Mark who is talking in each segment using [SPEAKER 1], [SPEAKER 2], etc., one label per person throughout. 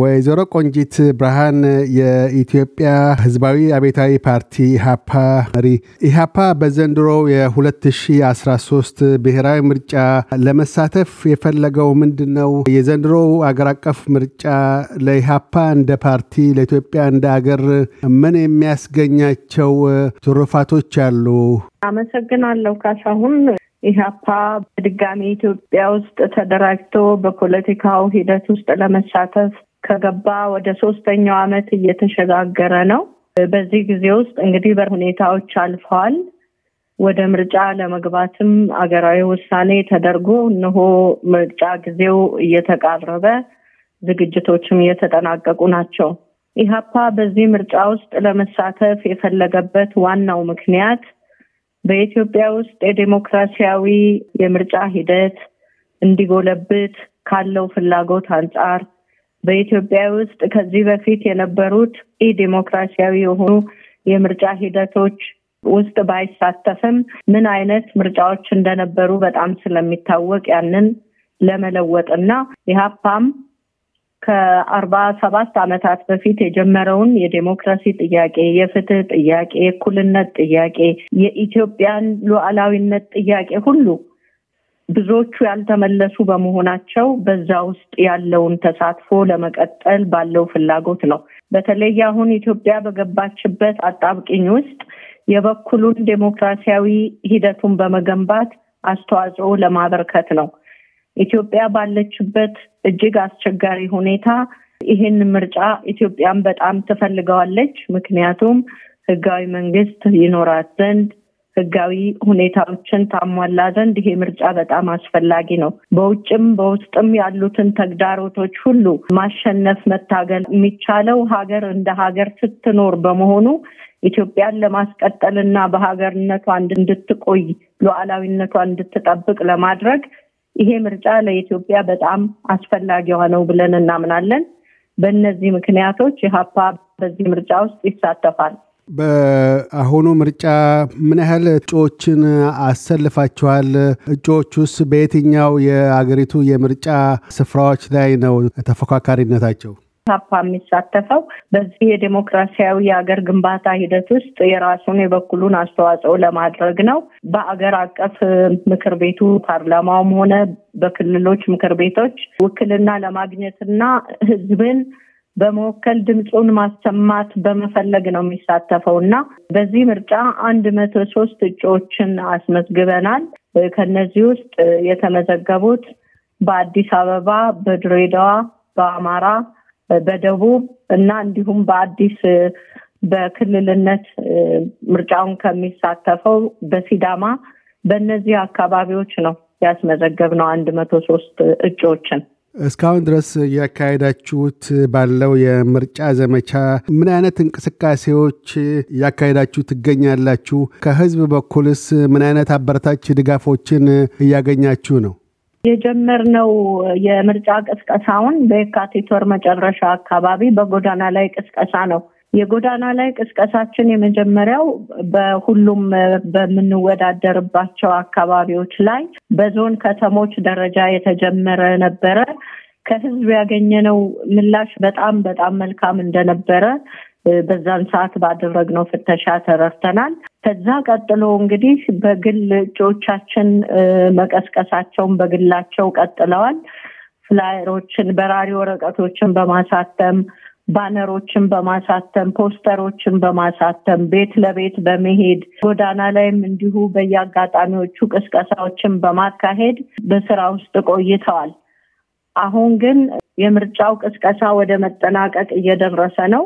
[SPEAKER 1] ወይዘሮ ቆንጂት ብርሃን የኢትዮጵያ ህዝባዊ አቤታዊ ፓርቲ ኢሃፓ መሪ፣ ኢሃፓ በዘንድሮ የ2013 ብሔራዊ ምርጫ ለመሳተፍ የፈለገው ምንድን ነው? የዘንድሮው አገር አቀፍ ምርጫ ለኢሃፓ እንደ ፓርቲ፣ ለኢትዮጵያ እንደ አገር ምን የሚያስገኛቸው ትሩፋቶች አሉ?
[SPEAKER 2] አመሰግናለሁ ካሳሁን። ኢህአፓ በድጋሚ ኢትዮጵያ ውስጥ ተደራጅቶ በፖለቲካው ሂደት ውስጥ ለመሳተፍ ከገባ ወደ ሶስተኛው አመት እየተሸጋገረ ነው። በዚህ ጊዜ ውስጥ እንግዲህ በሁኔታዎች አልፈዋል። ወደ ምርጫ ለመግባትም አገራዊ ውሳኔ ተደርጎ እነሆ ምርጫ ጊዜው እየተቃረበ ዝግጅቶችም እየተጠናቀቁ ናቸው። ኢህአፓ በዚህ ምርጫ ውስጥ ለመሳተፍ የፈለገበት ዋናው ምክንያት በኢትዮጵያ ውስጥ የዴሞክራሲያዊ የምርጫ ሂደት እንዲጎለብት ካለው ፍላጎት አንጻር በኢትዮጵያ ውስጥ ከዚህ በፊት የነበሩት ኢ ዴሞክራሲያዊ የሆኑ የምርጫ ሂደቶች ውስጥ ባይሳተፍም ምን አይነት ምርጫዎች እንደነበሩ በጣም ስለሚታወቅ ያንን ለመለወጥ እና ኢህአፓም ከአርባ ሰባት ዓመታት በፊት የጀመረውን የዴሞክራሲ ጥያቄ፣ የፍትህ ጥያቄ፣ የእኩልነት ጥያቄ፣ የኢትዮጵያን ሉዓላዊነት ጥያቄ ሁሉ ብዙዎቹ ያልተመለሱ በመሆናቸው በዛ ውስጥ ያለውን ተሳትፎ ለመቀጠል ባለው ፍላጎት ነው። በተለይ አሁን ኢትዮጵያ በገባችበት አጣብቂኝ ውስጥ የበኩሉን ዴሞክራሲያዊ ሂደቱን በመገንባት አስተዋጽኦ ለማበርከት ነው። ኢትዮጵያ ባለችበት እጅግ አስቸጋሪ ሁኔታ ይህን ምርጫ ኢትዮጵያን በጣም ትፈልገዋለች። ምክንያቱም ህጋዊ መንግስት ይኖራት ዘንድ ህጋዊ ሁኔታዎችን ታሟላ ዘንድ ይሄ ምርጫ በጣም አስፈላጊ ነው። በውጭም በውስጥም ያሉትን ተግዳሮቶች ሁሉ ማሸነፍ መታገል የሚቻለው ሀገር እንደ ሀገር ስትኖር በመሆኑ ኢትዮጵያን ለማስቀጠል እና በሀገርነቷ እንድትቆይ ሉዓላዊነቷ እንድትጠብቅ ለማድረግ ይሄ ምርጫ ለኢትዮጵያ በጣም አስፈላጊዋ ነው ብለን እናምናለን። በእነዚህ ምክንያቶች ኢህአፓ በዚህ ምርጫ ውስጥ ይሳተፋል።
[SPEAKER 1] በአሁኑ ምርጫ ምን ያህል እጩዎችን አሰልፋችኋል? እጩዎቹስ በየትኛው የአገሪቱ የምርጫ ስፍራዎች ላይ ነው ተፎካካሪነታቸው?
[SPEAKER 2] ታፓ የሚሳተፈው በዚህ የዴሞክራሲያዊ የሀገር ግንባታ ሂደት ውስጥ የራሱን የበኩሉን አስተዋጽኦ ለማድረግ ነው። በአገር አቀፍ ምክር ቤቱ ፓርላማውም ሆነ በክልሎች ምክር ቤቶች ውክልና ለማግኘትና ህዝብን በመወከል ድምፁን ማሰማት በመፈለግ ነው የሚሳተፈው እና በዚህ ምርጫ አንድ መቶ ሶስት እጩዎችን አስመዝግበናል። ከነዚህ ውስጥ የተመዘገቡት በአዲስ አበባ፣ በድሬዳዋ፣ በአማራ፣ በደቡብ እና እንዲሁም በአዲስ በክልልነት ምርጫውን ከሚሳተፈው በሲዳማ በእነዚህ አካባቢዎች ነው ያስመዘገብነው አንድ መቶ ሶስት እጩዎችን
[SPEAKER 1] እስካሁን ድረስ ያካሄዳችሁት ባለው የምርጫ ዘመቻ ምን አይነት እንቅስቃሴዎች እያካሄዳችሁ ትገኛላችሁ? ከህዝብ በኩልስ ምን አይነት አበረታች ድጋፎችን እያገኛችሁ ነው?
[SPEAKER 2] የጀመርነው የምርጫ ቅስቀሳውን በየካቲት ወር መጨረሻ አካባቢ በጎዳና ላይ ቅስቀሳ ነው የጎዳና ላይ ቅስቀሳችን የመጀመሪያው በሁሉም በምንወዳደርባቸው አካባቢዎች ላይ በዞን ከተሞች ደረጃ የተጀመረ ነበረ። ከህዝብ ያገኘነው ምላሽ በጣም በጣም መልካም እንደነበረ በዛን ሰዓት ባደረግነው ፍተሻ ተረድተናል። ከዛ ቀጥሎ እንግዲህ በግል እጩዎቻችን መቀስቀሳቸውን በግላቸው ቀጥለዋል። ፍላየሮችን፣ በራሪ ወረቀቶችን በማሳተም ባነሮችን በማሳተም ፖስተሮችን በማሳተም ቤት ለቤት በመሄድ ጎዳና ላይም እንዲሁ በየአጋጣሚዎቹ ቅስቀሳዎችን በማካሄድ በስራ ውስጥ ቆይተዋል። አሁን ግን የምርጫው ቅስቀሳ ወደ መጠናቀቅ እየደረሰ ነው።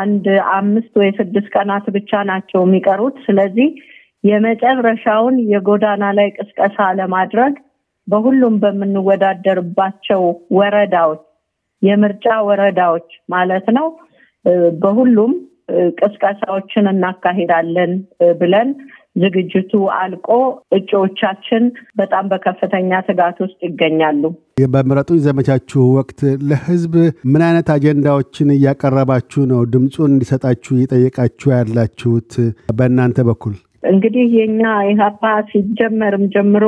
[SPEAKER 2] አንድ አምስት ወይ ስድስት ቀናት ብቻ ናቸው የሚቀሩት። ስለዚህ የመጨረሻውን የጎዳና ላይ ቅስቀሳ ለማድረግ በሁሉም በምንወዳደርባቸው ወረዳዎች የምርጫ ወረዳዎች ማለት ነው በሁሉም ቅስቀሳዎችን እናካሂዳለን ብለን ዝግጅቱ አልቆ እጩዎቻችን በጣም በከፍተኛ ትጋት ውስጥ ይገኛሉ።
[SPEAKER 1] በምረጡኝ ዘመቻችሁ ወቅት ለህዝብ ምን አይነት አጀንዳዎችን እያቀረባችሁ ነው? ድምፁን እንዲሰጣችሁ እየጠየቃችሁ ያላችሁት በእናንተ በኩል
[SPEAKER 2] እንግዲህ የኛ ኢህአፓ ሲጀመርም ጀምሮ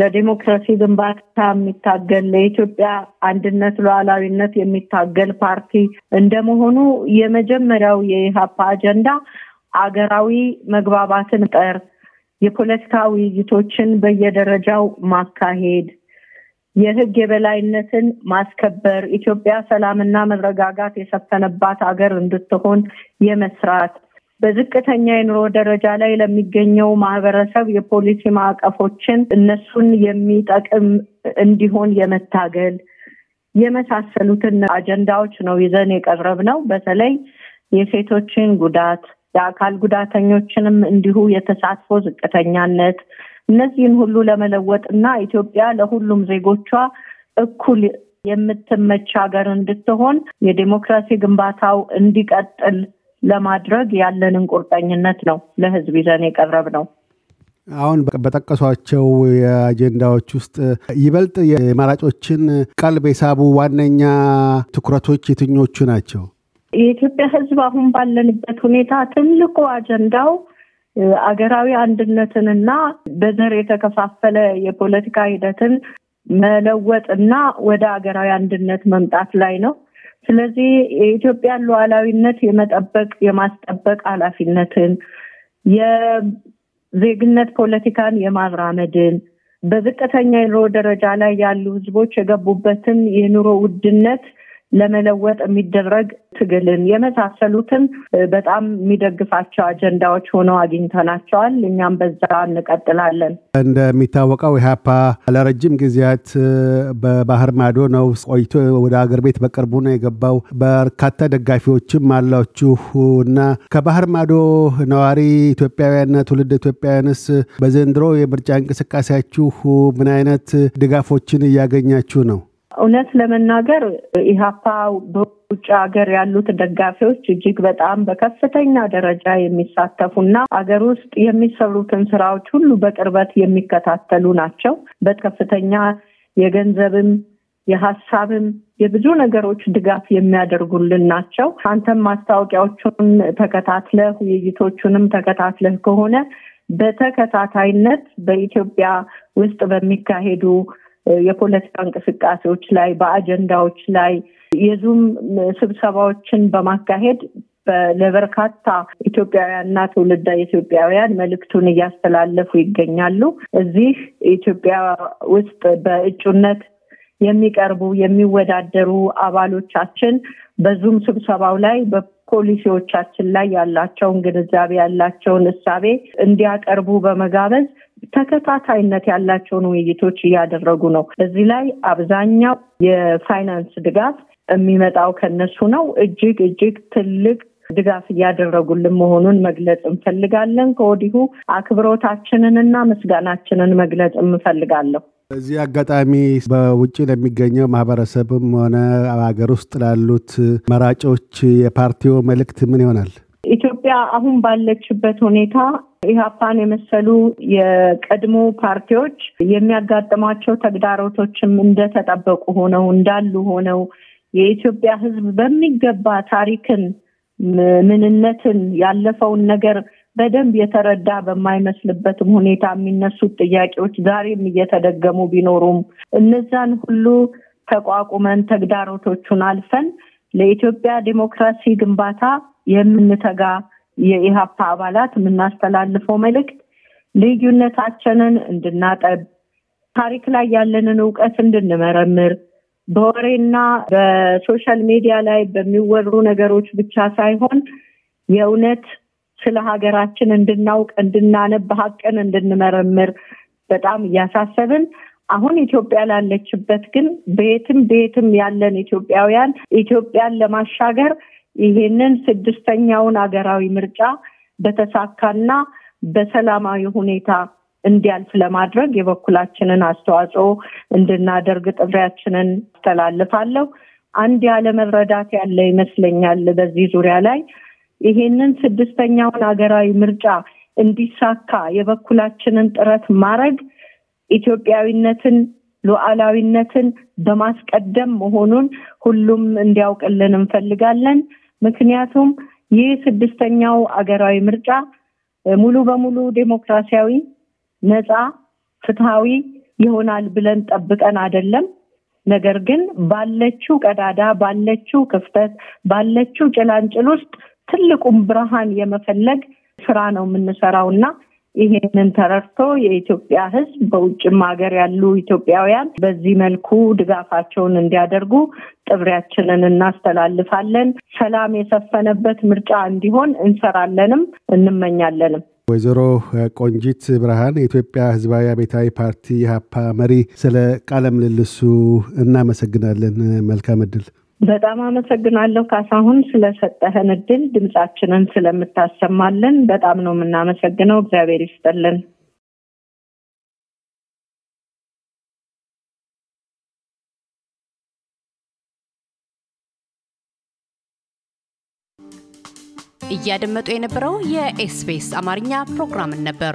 [SPEAKER 2] ለዲሞክራሲ ግንባታ የሚታገል ለኢትዮጵያ አንድነት ሉዓላዊነት የሚታገል ፓርቲ እንደመሆኑ የመጀመሪያው የኢህአፓ አጀንዳ አገራዊ መግባባትን ጠር የፖለቲካ ውይይቶችን በየደረጃው ማካሄድ፣ የህግ የበላይነትን ማስከበር፣ ኢትዮጵያ ሰላምና መረጋጋት የሰፈነባት ሀገር እንድትሆን የመስራት በዝቅተኛ የኑሮ ደረጃ ላይ ለሚገኘው ማህበረሰብ የፖሊሲ ማዕቀፎችን እነሱን የሚጠቅም እንዲሆን የመታገል የመሳሰሉትን አጀንዳዎች ነው ይዘን የቀረብ ነው። በተለይ የሴቶችን ጉዳት፣ የአካል ጉዳተኞችንም እንዲሁ የተሳትፎ ዝቅተኛነት፣ እነዚህን ሁሉ ለመለወጥ እና ኢትዮጵያ ለሁሉም ዜጎቿ እኩል የምትመች ሀገር እንድትሆን የዴሞክራሲ ግንባታው እንዲቀጥል ለማድረግ ያለንን ቁርጠኝነት ነው ለህዝብ ይዘን የቀረብ ነው።
[SPEAKER 1] አሁን በጠቀሷቸው የአጀንዳዎች ውስጥ ይበልጥ የመራጮችን ቀልብ የሳቡ ዋነኛ ትኩረቶች የትኞቹ ናቸው?
[SPEAKER 2] የኢትዮጵያ ህዝብ አሁን ባለንበት ሁኔታ ትልቁ አጀንዳው አገራዊ አንድነትንና በዘር የተከፋፈለ የፖለቲካ ሂደትን መለወጥና ወደ አገራዊ አንድነት መምጣት ላይ ነው። ስለዚህ የኢትዮጵያን ሉዓላዊነት የመጠበቅ የማስጠበቅ ኃላፊነትን የዜግነት ፖለቲካን የማራመድን በዝቅተኛ የኑሮ ደረጃ ላይ ያሉ ህዝቦች የገቡበትን የኑሮ ውድነት ለመለወጥ የሚደረግ ትግልን የመሳሰሉትን በጣም የሚደግፋቸው አጀንዳዎች ሆነው አግኝተናቸዋል። እኛም በዛ እንቀጥላለን።
[SPEAKER 1] እንደሚታወቀው ኢህአፓ ለረጅም ጊዜያት በባህር ማዶ ነው ቆይቶ ወደ አገር ቤት በቅርቡ ነው የገባው። በርካታ ደጋፊዎችም አላችሁ እና ከባህር ማዶ ነዋሪ ኢትዮጵያውያንና ትውልድ ኢትዮጵያውያንስ በዘንድሮ የምርጫ እንቅስቃሴያችሁ ምን አይነት ድጋፎችን እያገኛችሁ ነው?
[SPEAKER 2] እውነት ለመናገር ኢህአፓ በውጭ ሀገር ያሉት ደጋፊዎች እጅግ በጣም በከፍተኛ ደረጃ የሚሳተፉና ሀገር ውስጥ የሚሰሩትን ስራዎች ሁሉ በቅርበት የሚከታተሉ ናቸው። በከፍተኛ የገንዘብም የሀሳብም የብዙ ነገሮች ድጋፍ የሚያደርጉልን ናቸው። አንተም ማስታወቂያዎቹን ተከታትለህ ውይይቶቹንም ተከታትለህ ከሆነ በተከታታይነት በኢትዮጵያ ውስጥ በሚካሄዱ የፖለቲካ እንቅስቃሴዎች ላይ በአጀንዳዎች ላይ የዙም ስብሰባዎችን በማካሄድ ለበርካታ ኢትዮጵያውያንና ትውልዳ ኢትዮጵያውያን መልእክቱን እያስተላለፉ ይገኛሉ። እዚህ ኢትዮጵያ ውስጥ በእጩነት የሚቀርቡ የሚወዳደሩ አባሎቻችን በዙም ስብሰባው ላይ በፖሊሲዎቻችን ላይ ያላቸውን ግንዛቤ ያላቸውን እሳቤ እንዲያቀርቡ በመጋበዝ ተከታታይነት ያላቸውን ውይይቶች እያደረጉ ነው። እዚህ ላይ አብዛኛው የፋይናንስ ድጋፍ የሚመጣው ከነሱ ነው። እጅግ እጅግ ትልቅ ድጋፍ እያደረጉልን መሆኑን መግለጽ እንፈልጋለን። ከወዲሁ አክብሮታችንን እና ምስጋናችንን መግለጽ እንፈልጋለሁ።
[SPEAKER 1] በዚህ አጋጣሚ በውጭ ለሚገኘው ማህበረሰብም ሆነ ሀገር ውስጥ ላሉት መራጮች የፓርቲው መልእክት ምን ይሆናል?
[SPEAKER 2] ኢትዮጵያ አሁን ባለችበት ሁኔታ ኢህአፓን የመሰሉ የቀድሞ ፓርቲዎች የሚያጋጥሟቸው ተግዳሮቶችም እንደተጠበቁ ሆነው እንዳሉ ሆነው የኢትዮጵያ ሕዝብ በሚገባ ታሪክን ምንነትን ያለፈውን ነገር በደንብ የተረዳ በማይመስልበትም ሁኔታ የሚነሱት ጥያቄዎች ዛሬም እየተደገሙ ቢኖሩም እነዛን ሁሉ ተቋቁመን ተግዳሮቶቹን አልፈን ለኢትዮጵያ ዲሞክራሲ ግንባታ የምንተጋ የኢሀፓ አባላት የምናስተላልፈው መልእክት ልዩነታችንን እንድናጠብ፣ ታሪክ ላይ ያለንን እውቀት እንድንመረምር፣ በወሬና በሶሻል ሚዲያ ላይ በሚወሩ ነገሮች ብቻ ሳይሆን የእውነት ስለ ሀገራችን እንድናውቅ፣ እንድናነብ፣ ሀቅን እንድንመረምር በጣም እያሳሰብን አሁን ኢትዮጵያ ላለችበት ግን በየትም በየትም ያለን ኢትዮጵያውያን ኢትዮጵያን ለማሻገር ይሄንን ስድስተኛውን ሀገራዊ ምርጫ በተሳካና በሰላማዊ ሁኔታ እንዲያልፍ ለማድረግ የበኩላችንን አስተዋጽኦ እንድናደርግ ጥሪያችንን አስተላልፋለሁ። አንድ ያለመረዳት ያለ ይመስለኛል በዚህ ዙሪያ ላይ ይሄንን ስድስተኛውን ሀገራዊ ምርጫ እንዲሳካ የበኩላችንን ጥረት ማድረግ ኢትዮጵያዊነትን፣ ሉዓላዊነትን በማስቀደም መሆኑን ሁሉም እንዲያውቅልን እንፈልጋለን። ምክንያቱም ይህ ስድስተኛው አገራዊ ምርጫ ሙሉ በሙሉ ዴሞክራሲያዊ፣ ነፃ፣ ፍትሃዊ ይሆናል ብለን ጠብቀን አይደለም። ነገር ግን ባለችው ቀዳዳ፣ ባለችው ክፍተት፣ ባለችው ጭላንጭል ውስጥ ትልቁም ብርሃን የመፈለግ ስራ ነው የምንሰራው እና ይሄንን ተረድቶ የኢትዮጵያ ሕዝብ በውጭም ሀገር ያሉ ኢትዮጵያውያን በዚህ መልኩ ድጋፋቸውን እንዲያደርጉ ጥብሪያችንን እናስተላልፋለን። ሰላም የሰፈነበት ምርጫ እንዲሆን እንሰራለንም እንመኛለንም።
[SPEAKER 1] ወይዘሮ ቆንጂት ብርሃን የኢትዮጵያ ሕዝባዊ አብዮታዊ ፓርቲ ኢሕአፓ መሪ፣ ስለ ቃለ ምልልሱ እናመሰግናለን። መልካም እድል።
[SPEAKER 2] በጣም አመሰግናለሁ ካሳሁን ስለሰጠህን እድል ድምጻችንን ስለምታሰማለን በጣም ነው የምናመሰግነው። እግዚአብሔር ይስጠልን። እያደመጡ የነበረው የኤስፔስ አማርኛ ፕሮግራምን ነበር።